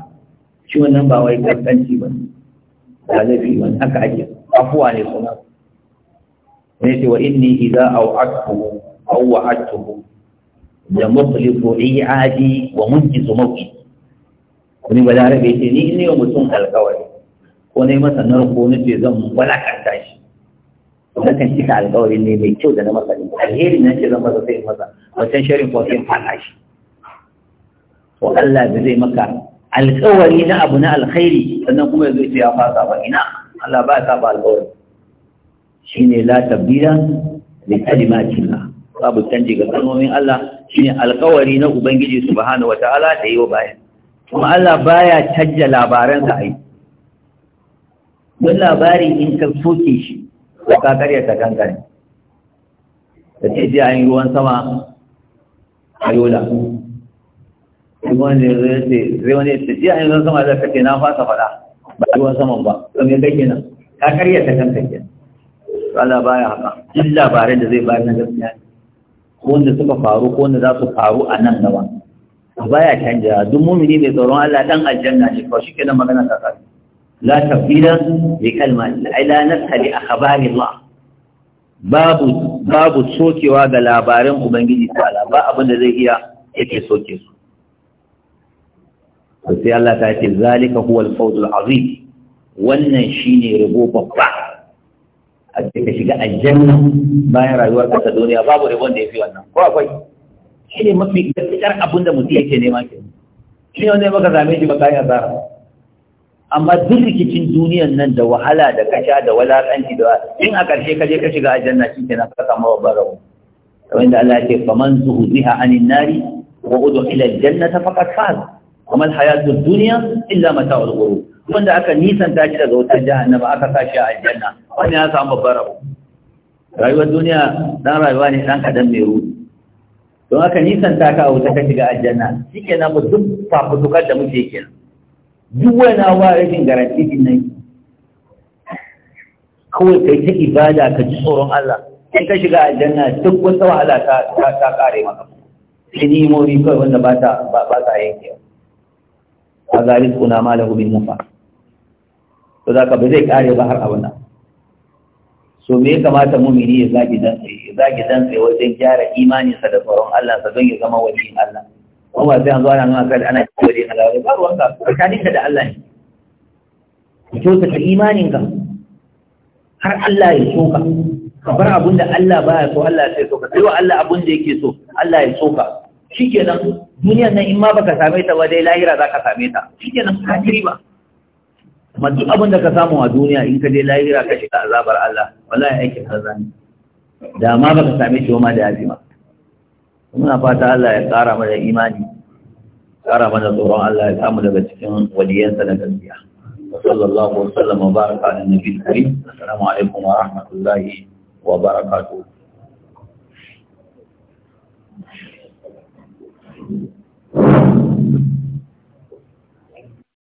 shi wannan ba wai gaskanci ba ba fi wani haka ake afuwa ne kuma ne ce wa inni idza au'atuhu aw wa'atuhu la mukhlifu i'adi wa munjizu mawqit wani ba larabe ce ni ne wa mutum alkawari ko na yi masa narko na ce zan walakanta shi na kan cika alkawari ne mai kyau da na masa ne alheri na ce zan masa sai masa wancan sharin ko sai fada shi to Allah da zai maka alkawari na abu na alkhairi sannan kuma ya yanzu ya fasa ba ina Allah ba ya saba alkawari shine la tabdila li kalimatillah babu canji ga kalmomin Allah shine alkawari na ubangiji subhanahu wataala da yi wa bayan kuma Allah baya canja labaransa ai don labari in ka soke shi ko ka karya ta kankare da ce ji an yi ruwan sama a yola sai wani ce ji an yi ruwan sama da ka ce na fasa faɗa ba ruwan saman ba don ya kai nan? ka karya ta kankare kenan Allah baya haka duk labarai da zai bayar na gaskiya ne ko wanda suka faru ko wanda za su faru a nan gaba baya canja duk mumini mai tsoron Allah dan aljanna ne ko shi kenan magana ta kai la tafila bi kalmati ai la nashali akhbari Allah babu babu sokewa ga labaran ubangiji Allah ba abin da zai iya yake soke su to sai Allah ta ce zalika huwa al-fawzul azim wannan shine rabo babba a cikin shiga aljanna bayan rayuwar ka ta duniya babu rabon da yafi wannan ko akwai shi ne mafi gaskiyar abin da mutum yake nema ke shi ne wanda ya maka zame shi ba kayan zara, amma duk rikicin duniyan nan da wahala da kasha da walakanci da in a ƙarshe ka je ka shiga aljanna shi na ka samu babban rabo kamar yadda Allah ya ce faman zuhuziha anin nari wa udkhila ta faqad faz kuma hayatu dunya illa mata'ul ghurur wanda aka nisanta shi daga wutar jahannama aka sa shi a aljanna wannan ya samu babbar rabo rayuwar duniya dan rayuwa ne dan kadan mai ruɗu don haka nisanta ka a wuta ka shiga aljanna ke na mu duk fafutukar da muke ke duk wani wa rashin garanti din nan kawai kai ta ibada ka ji tsoron Allah in ka shiga aljanna duk wata wahala ta ta kare maka ni kinimomi kawai wanda ba ta ba ta yake a kuna malahu bil mufa to zaka ba zai kare ba har abunda. nan so me ya kamata mumini ya zagi dan tsaye ya zagi dan tsaye wajen gyara imaninsa da tsoron Allah sa don ya zama wani Allah kuma ba sai an zo ana nuna kai ana cewa dai Allah ba ruwanka ka da Allah ne ka imanin imaninka har Allah ya so ka ka bar abin da Allah baya so Allah sai so ka sai wa Allah abin da yake so Allah ya so ka shikenan duniyar nan in ma baka same ta ba dai lahira zaka same ta shikenan ka ba kuma duk abin da ka samu a duniya in ka je lahira ka shiga azabar Allah wallahi aikin kaza da ma baka same shi ma da yafi ma muna fata Allah ya kara mana imani kara mana tsoron Allah ya samu daga cikin waliyansa na gaskiya wa الله وسلم وبارك على النبي assalamu alaikum wa rahmatullahi wa barakatuh